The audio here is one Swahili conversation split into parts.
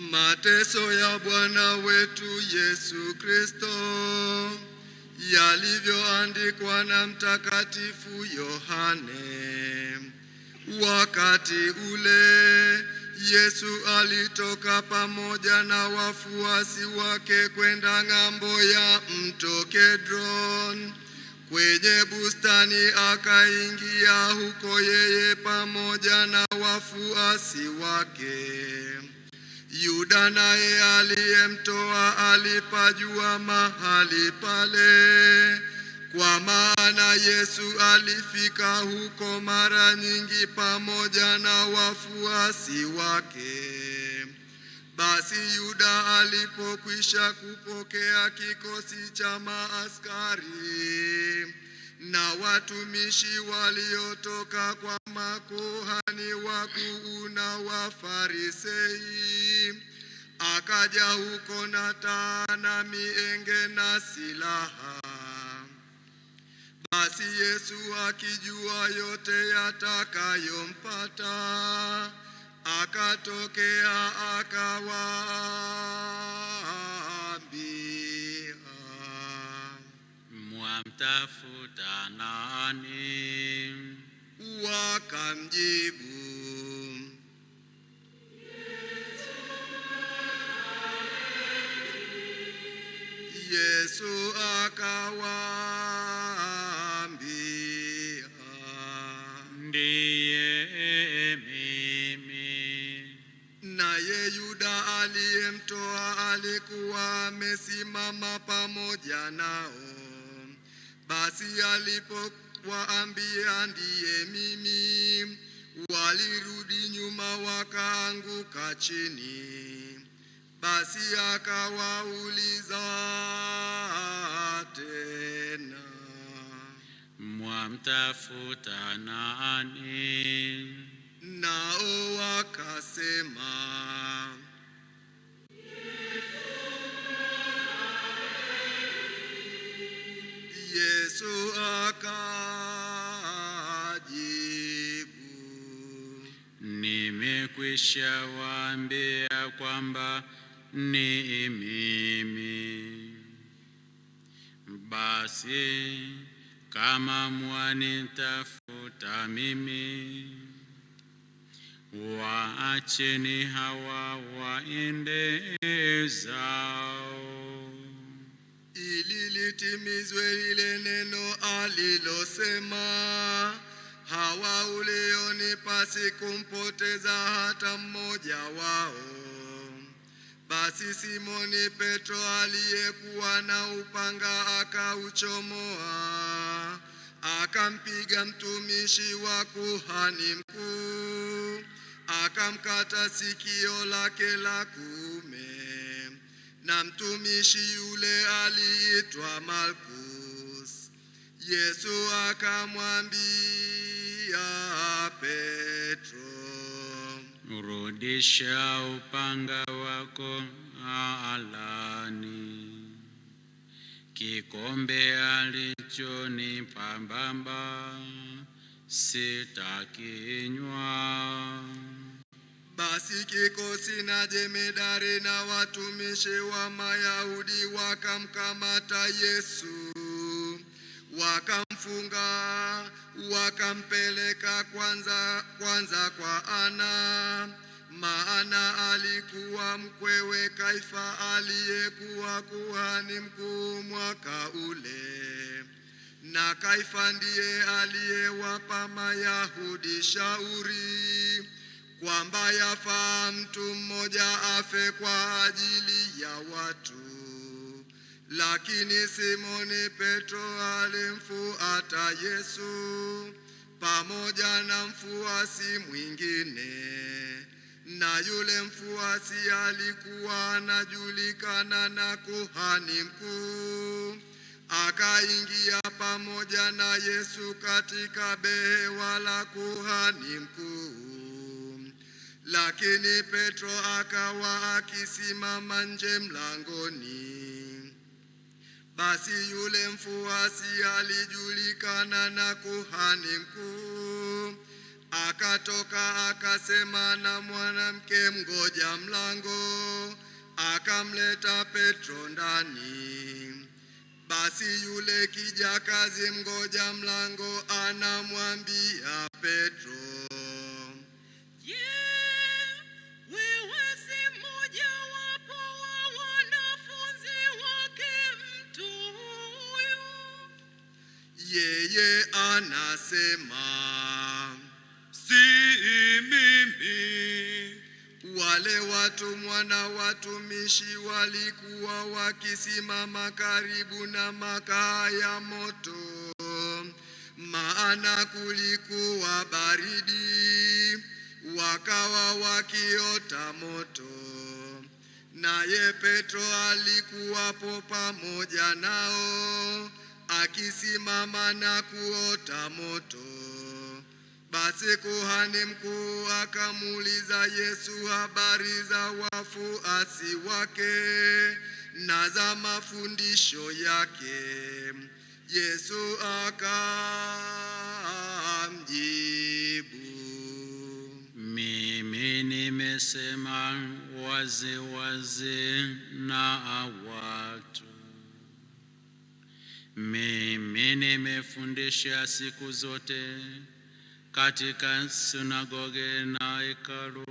Mateso ya Bwana wetu Yesu Kristo yalivyoandikwa na Mtakatifu Yohane. Wakati ule Yesu alitoka pamoja na wafuasi wake kwenda ng'ambo ya mto Kedron kwenye bustani, akaingia huko yeye pamoja na wafuasi wake. Yuda naye aliyemtoa alipajua mahali pale, kwa maana Yesu alifika huko mara nyingi pamoja na wafuasi wake. Basi Yuda alipokwisha kupokea kikosi cha maaskari na watumishi waliotoka kwa makuhani wakuu na Wafarisei. Akaja huko na taa na mienge na silaha. Basi Yesu akijua yote yatakayompata, akatokea akawa Mtamtafuta nani? Wakamjibu, Yesu akawaambia, ndiye mimi. Naye Yuda aliyemtoa alikuwa amesimama pamoja nao. Basi alipowaambia ndiye mimi, walirudi nyuma wakaanguka chini. Basi akawauliza tena, mwamtafuta nani? Nao wakasema Yesu akajibu, nimekwisha waambia kwamba ni mimi. Basi kama mwanitafuta mimi, waacheni hawa waende zao ili litimizwe ile neno alilosema, hawa ulionipa sikumpoteza hata mmoja wao. Basi Simoni Petro aliyekuwa na upanga akauchomoa, akampiga mtumishi wa kuhani mkuu, akamkata sikio lake la kuume na mtumishi yule aliitwa Malkus. Yesu akamwambia Petro, rudisha upanga wako alani. Kikombe alichonipa baba sitakinywa. Basi kikosi na jemedari na watumishi wa Mayahudi wakamkamata Yesu, wakamfunga, wakampeleka kwanza, kwanza kwa Ana, maana alikuwa mkwewe Kaifa aliyekuwa kuhani mkuu mwaka ule, na Kaifa ndiye aliyewapa Mayahudi shauri kwamba yafaa mtu mmoja afe kwa ajili ya watu. Lakini Simoni Petro alimfuata Yesu pamoja na mfuasi mwingine, na yule mfuasi alikuwa anajulikana na kuhani mkuu. Akaingia pamoja na Yesu katika behewa la kuhani mkuu lakini Petro akawa akisimama nje mlangoni. Basi yule mfuasi alijulikana na kuhani mkuu, akatoka akasema na mwanamke mgoja mlango, akamleta Petro ndani. Basi yule kijakazi mgoja mlango anamwambia Petro Anasema si mimi, wale watumwa na watumishi walikuwa wakisimama karibu na makaa ya moto, maana kulikuwa baridi, wakawa wakiota moto. Naye Petro alikuwapo pamoja nao akisimama na kuota moto. Basi kuhani mkuu akamuuliza Yesu habari za wafuasi wake na za mafundisho yake. Yesu akamjibu, mimi nimesema waziwazi na watu mimi nimefundisha siku zote katika sinagoge na hekalu,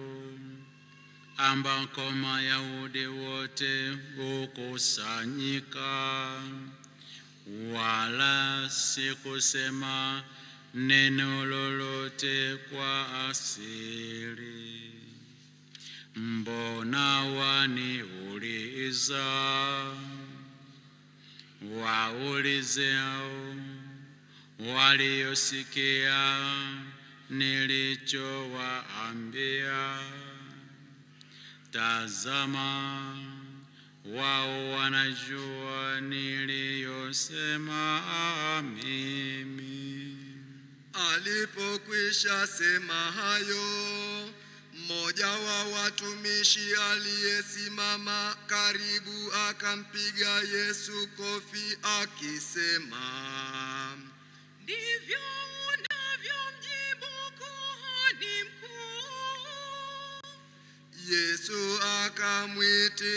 ambako Mayahudi wote hukusanyika, wala sikusema neno lolote kwa asiri Mbona waniuliza? waulizeo waliosikia nilichowaambia. Tazama, wao wanajua niliyosema mimi. Alipokwisha sema hayo mmoja wa watumishi aliyesimama karibu akampiga Yesu kofi akisema, ndivyo unavyomjibu kuhani mkuu? Yesu akamwitikia,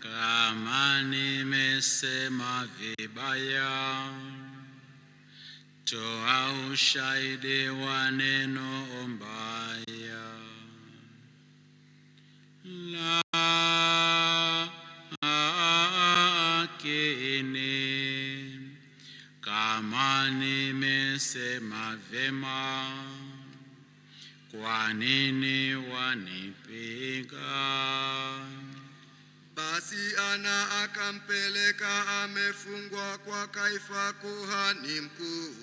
kama nimesema vibaya toa ushahidi wa neno ombaya la akini kama nimesema vema kwa nini wanipiga Bwana akampeleka amefungwa kwa Kaifa kuhani mkuu.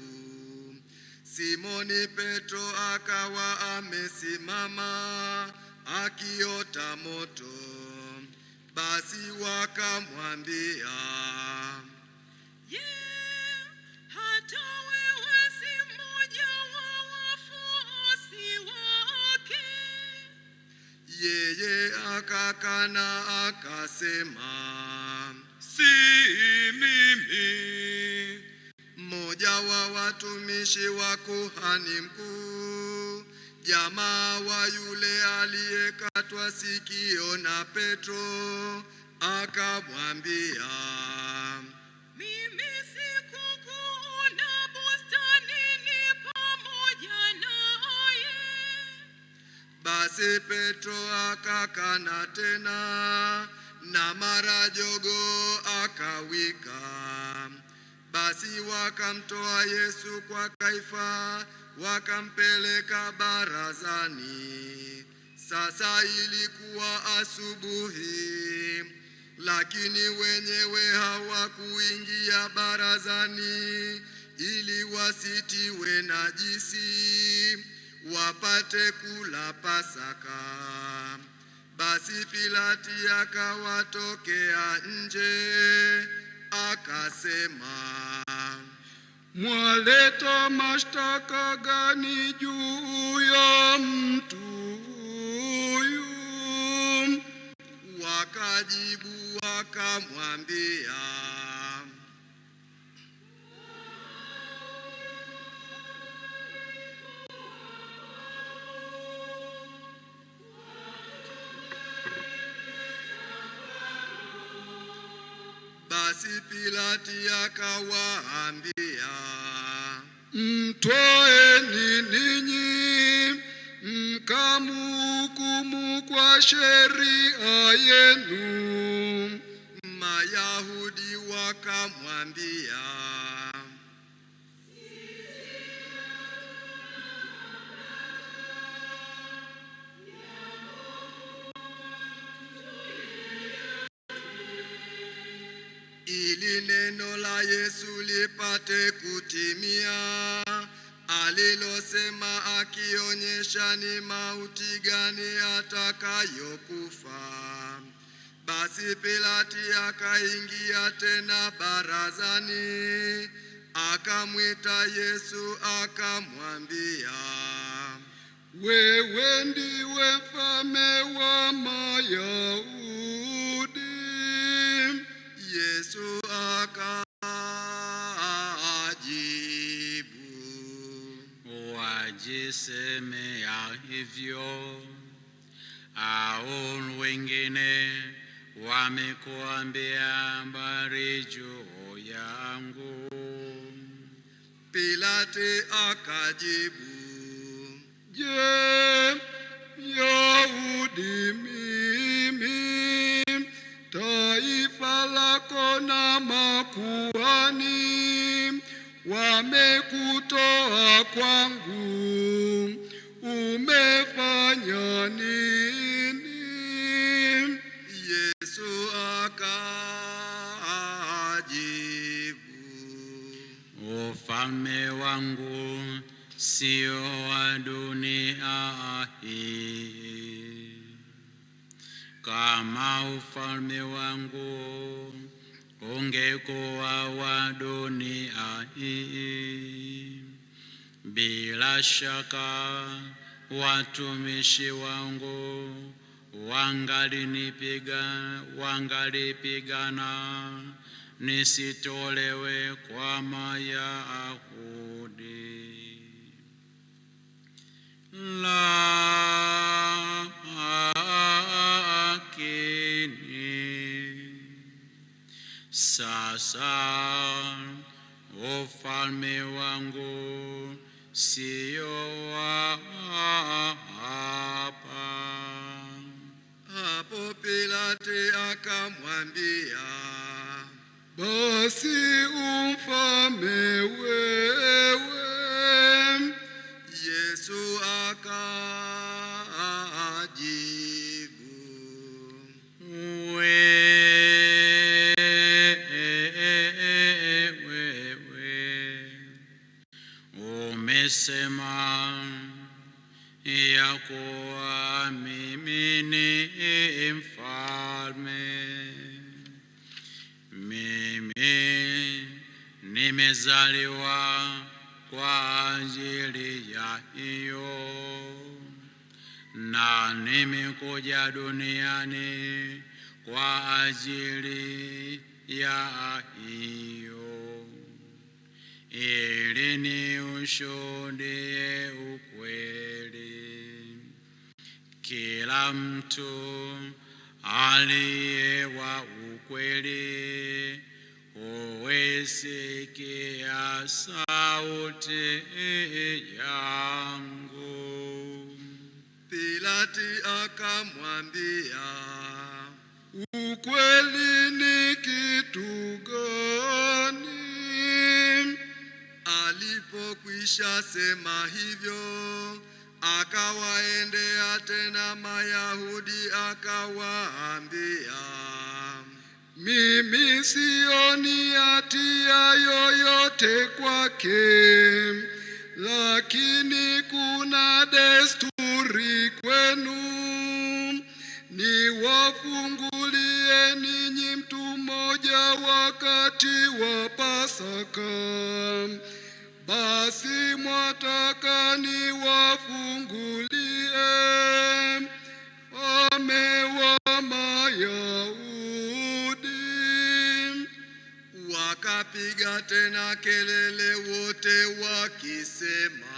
Simoni Petro akawa amesimama akiota moto. Basi wakamwambia Yeye akakana akasema, si mimi. Mmoja wa watumishi wa kuhani mkuu, jamaa wa yule aliyekatwa sikio na Petro, akamwambia Basi Petro akakana tena, na mara jogo akawika. Basi wakamtoa Yesu kwa Kaifa, wakampeleka barazani. Sasa ilikuwa asubuhi, lakini wenyewe hawakuingia barazani ili wasitiwe najisi wapate kula Pasaka. Basi Pilati akawatokea nje, akasema, mwaleta mashtaka gani juu ya mtu huyu? Wakajibu wakamwambia Basi Pilati akawaambia, mtoeni ninyi mkamhukumu kwa sheria yenu. Mayahudi wakamwambia Yesu lipate kutimia alilosema, akionyesha ni mauti gani atakayokufa. Basi Pilati akaingia tena barazani, akamwita Yesu akamwambia, wewe ndiwe mfalme wa Mayahudi. Yesu aka niseme ya hivyo au wengine wamekuambia habari juu yangu? Pilate akajibu, Je, Yahudi mimi, taifa lako na makuhani wamekutoa kwangu, umefanya nini? Yesu akajibu, ufalme wangu sio wa dunia hii. Kama ufalme wangu ungekuwa wa dunia hii. Bila shaka watumishi wangu wangalinipiga, wangalipigana nisitolewe kwa Mayahudi la Sasa ufalme wangu siyo wa hapa. Hapo Pilate akamwambia, basi umfame wewe. Yesu sema ya kuwa mimi ni mfalme. Mimi nimezaliwa kwa ajili ya hiyo, na nimekuja duniani kwa ajili ya hiyo ili mwisho ndiye ukweli. Kila mtu aliye wa ukweli huisikia sauti yangu. Pilati akamwambia, ukweli ni kitu gani? sema hivyo, akawaendea tena Mayahudi akawaambia, mimi sioni hatia yoyote kwake, lakini kuna desturi kwenu. Niwafungulie ninyi mtu mmoja wakati wa Pasaka basi mwataka niwafungulie wame wa Mayahudi. Wakapiga tena kelele wote wakisema,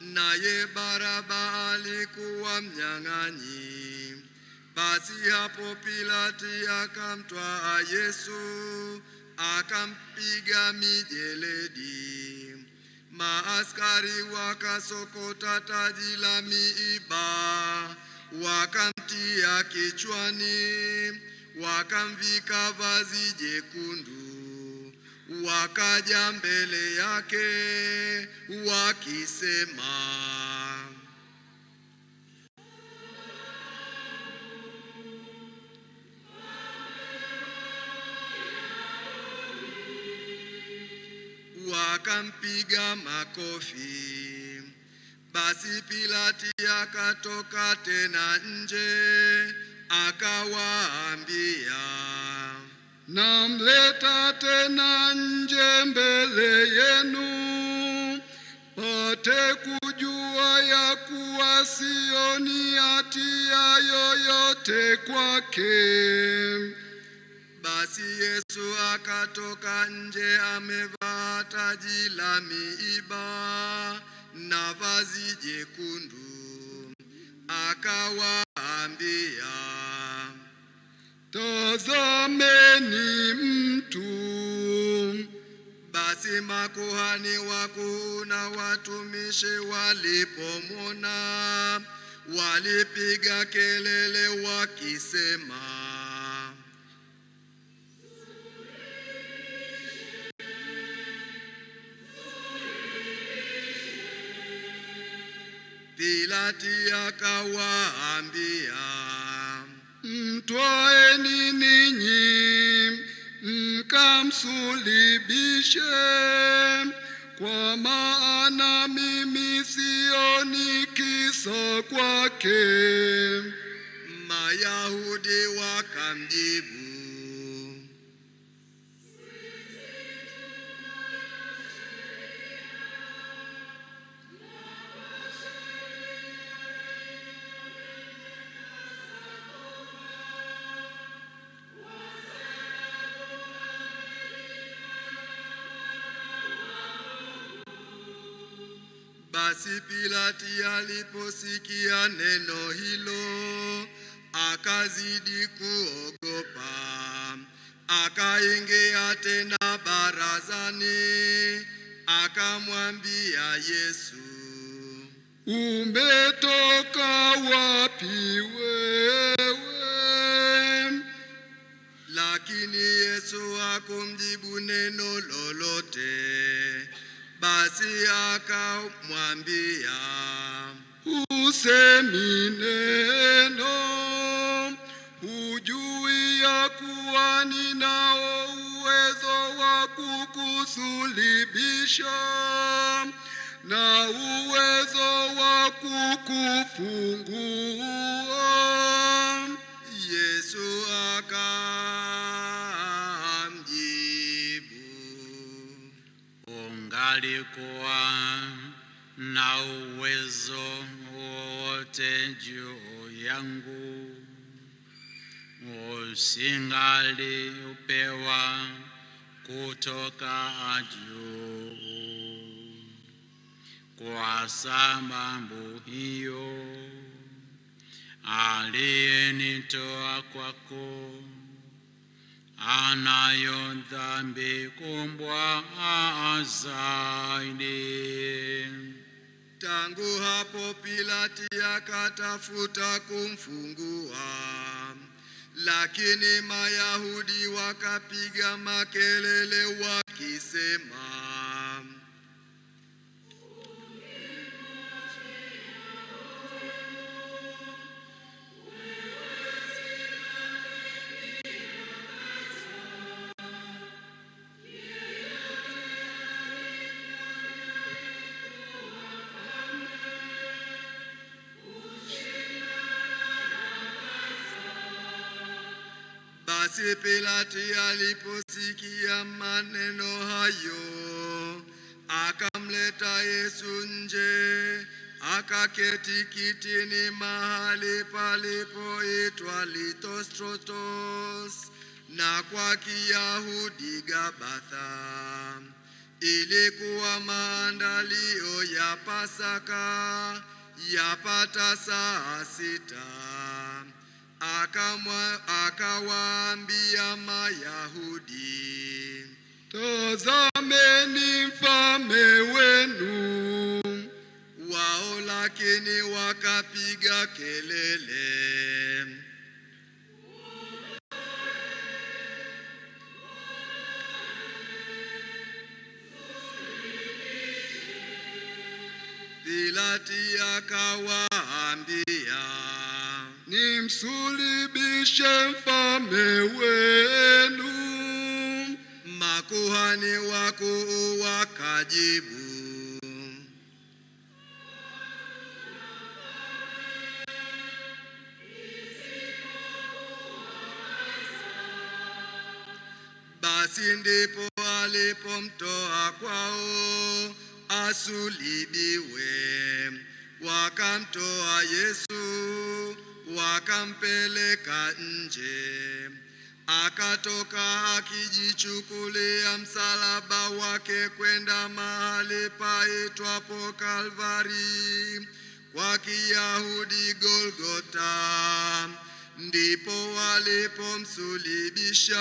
naye Baraba kuwa mnyang'anyi. Basi hapo Pilati akamtwaa Yesu akampiga mijeledi. Maaskari wakasokota taji la miiba wakamtia kichwani, wakamvika vazi jekundu, wakaja mbele yake wakisema wakampiga makofi. Basi Pilati akatoka tena nje, akawaambia, namleta tena nje mbele yenu, pate kujua ya kuwa sioni hatia yoyote kwake. Basi Yesu akatoka nje amevaa taji la miiba na vazi jekundu, akawaambia, tazameni mtu. Basi makuhani wakuu na watumishi walipomwona, walipiga kelele wakisema Bilati akawaambia, mtwaeni ninyi mkamsulibishe, kwa maana mimi sioni kisa kwake. Mayahudi wakamjibu Basi Pilati aliposikia neno hilo, akazidi kuogopa. Akaingia tena barazani, akamwambia Yesu, umetoka wapi wewe? Lakini Yesu hakumjibu neno lolote basi akamwambia, usemi neno, hujui ya kuwa ninao uwezo wa kukusulibisha na uwezo wa kukufungua kuwa na uwezo wowote juu yangu, usingali upewa kutoka juu. Kwa sababu hiyo aliyenitoa kwako anayo dhambi kubwa zaidi. Tangu hapo Pilati akatafuta kumfungua, lakini Mayahudi wakapiga makelele wakisema Basi Pilati aliposikia maneno hayo, akamleta Yesu nje, akaketi kitini mahali palipoitwa Lithostrotos, na kwa Kiyahudi Gabatha. Ilikuwa maandalio ya Pasaka, yapata saa sita akawaambia Mayahudi, tazameni mfalme wenu. Wao lakini wakapiga kelele, Pilati akawaambia nimsulibishe mfalme wenu. Makuhani wakuu wakajibu, basi ndipo alipomtoa kwao asulibiwe, wakamtoa Yesu wakampeleka nje, akatoka akijichukulia msalaba wake kwenda mahali paitwapo Kalvari, kwa Kiyahudi Golgota. Ndipo walipomsulibisha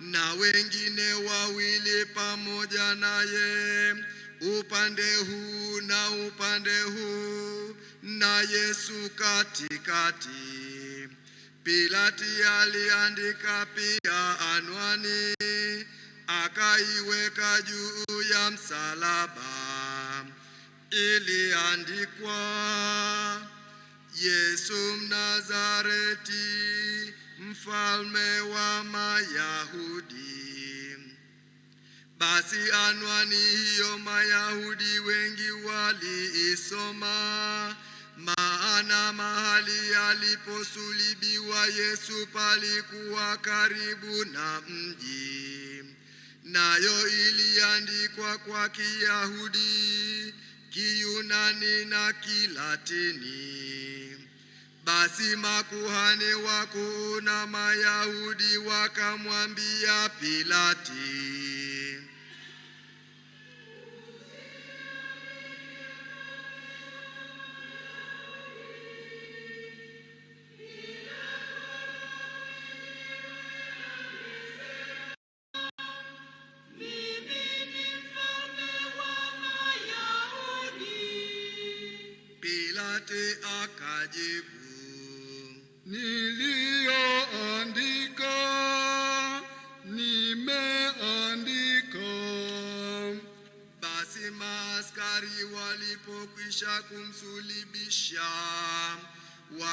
na wengine wawili pamoja naye, upande huu na upande huu na Yesu katikati. Pilati aliandika pia anwani, akaiweka juu ya msalaba. Iliandikwa, Yesu Mnazareti, mfalme wa Mayahudi. Basi anwani hiyo Mayahudi wengi waliisoma maana mahali aliposulibiwa Yesu palikuwa karibu na mji, nayo iliandikwa kwa Kiyahudi, Kiyunani na Kilatini. Basi makuhani wakuu na Mayahudi wakamwambia Pilati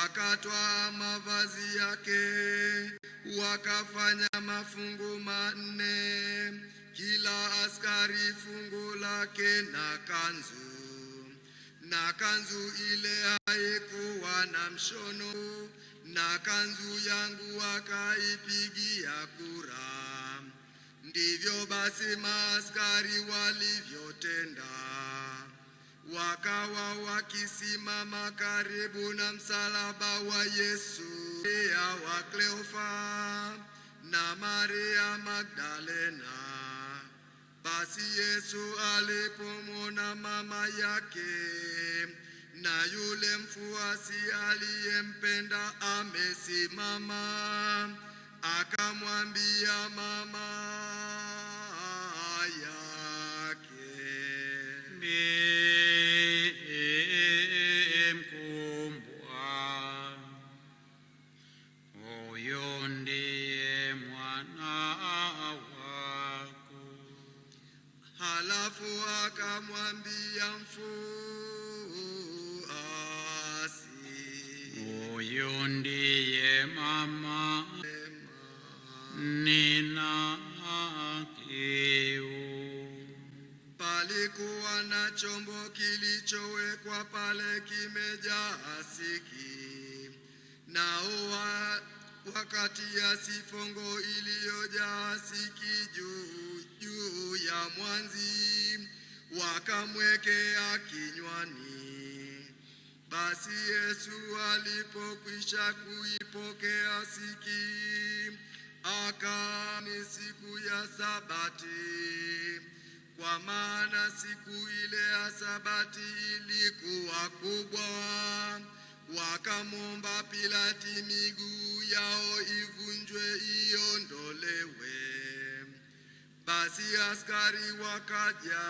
wakatwaa mavazi yake wakafanya mafungu manne, kila askari fungu lake na kanzu. Na kanzu ile haikuwa na mshono, na kanzu yangu wakaipigia kura. Ndivyo basi maaskari walivyotenda wakawa wakisimama karibu na msalaba wa Yesu. Maria wa Kleofa na Maria Magdalena. Basi Yesu alipomwona mama yake na yule mfuasi aliyempenda amesimama, akamwambia mama yake Mfu akamwambia mfuasi, huyu ndiye mama, nina kiu. Palikuwa na chombo kilichowekwa pale kimejaa siki, nao ya sifongo iliyojaa siki juu juu ya mwanzi, wakamwekea kinywani. Basi Yesu alipokwisha kuipokea siki, akaa siku ya Sabati, kwa maana siku ile ya Sabati ilikuwa kubwa. Wakamwomba Pilati miguu yao ivunjwe, iondolewe. Basi askari wakaja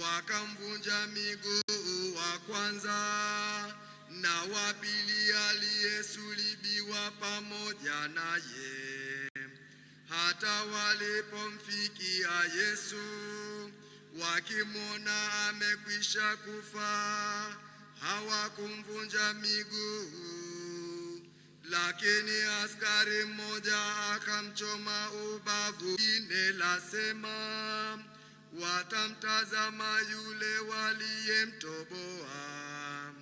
wakamvunja miguu wa kwanza na wa pili aliyesulibiwa pamoja naye. Hata walipomfikia Yesu wakimwona amekwisha kufa hawakumvunja miguu lakini askari mmoja akamchoma ubavu. la lasema watamtazama yule waliyemtoboa.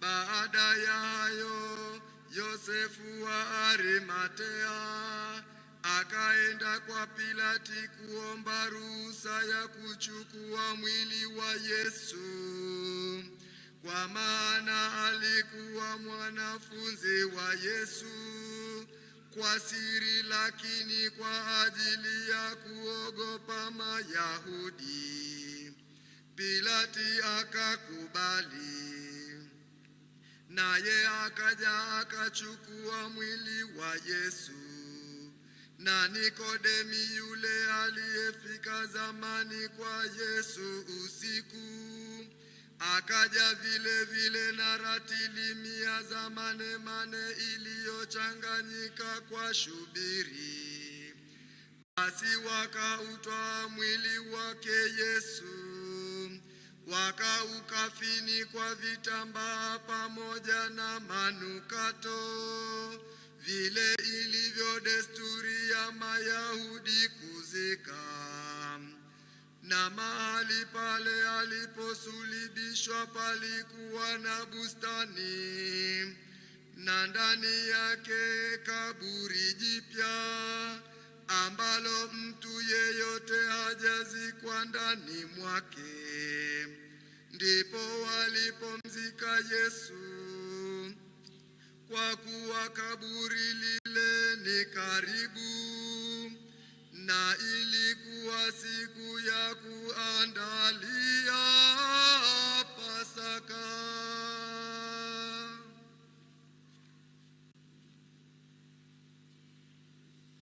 Baada ya hayo, Yosefu wa Arimatea akaenda kwa Pilati kuomba ruhusa ya kuchukua mwili wa Yesu kwa maana alikuwa mwanafunzi wa Yesu kwa siri, lakini kwa ajili ya kuogopa Mayahudi, Pilati akakubali. Naye akaja akachukua mwili wa Yesu na Nikodemi yule aliyefika zamani kwa Yesu usiku Akaja vile vile na ratili mia za mane mane iliyochanganyika kwa shubiri. Basi wakautwaa mwili wake Yesu wakaukafini kwa vitambaa pamoja na manukato, vile ilivyo desturi ya Mayahudi kuzika na mahali pale aliposulibishwa palikuwa na bustani na ndani yake kaburi jipya ambalo mtu yeyote hajazikwa ndani mwake. Ndipo walipomzika Yesu, kwa kuwa kaburi lile ni karibu na ilikuwa siku ya kuandalia Pasaka.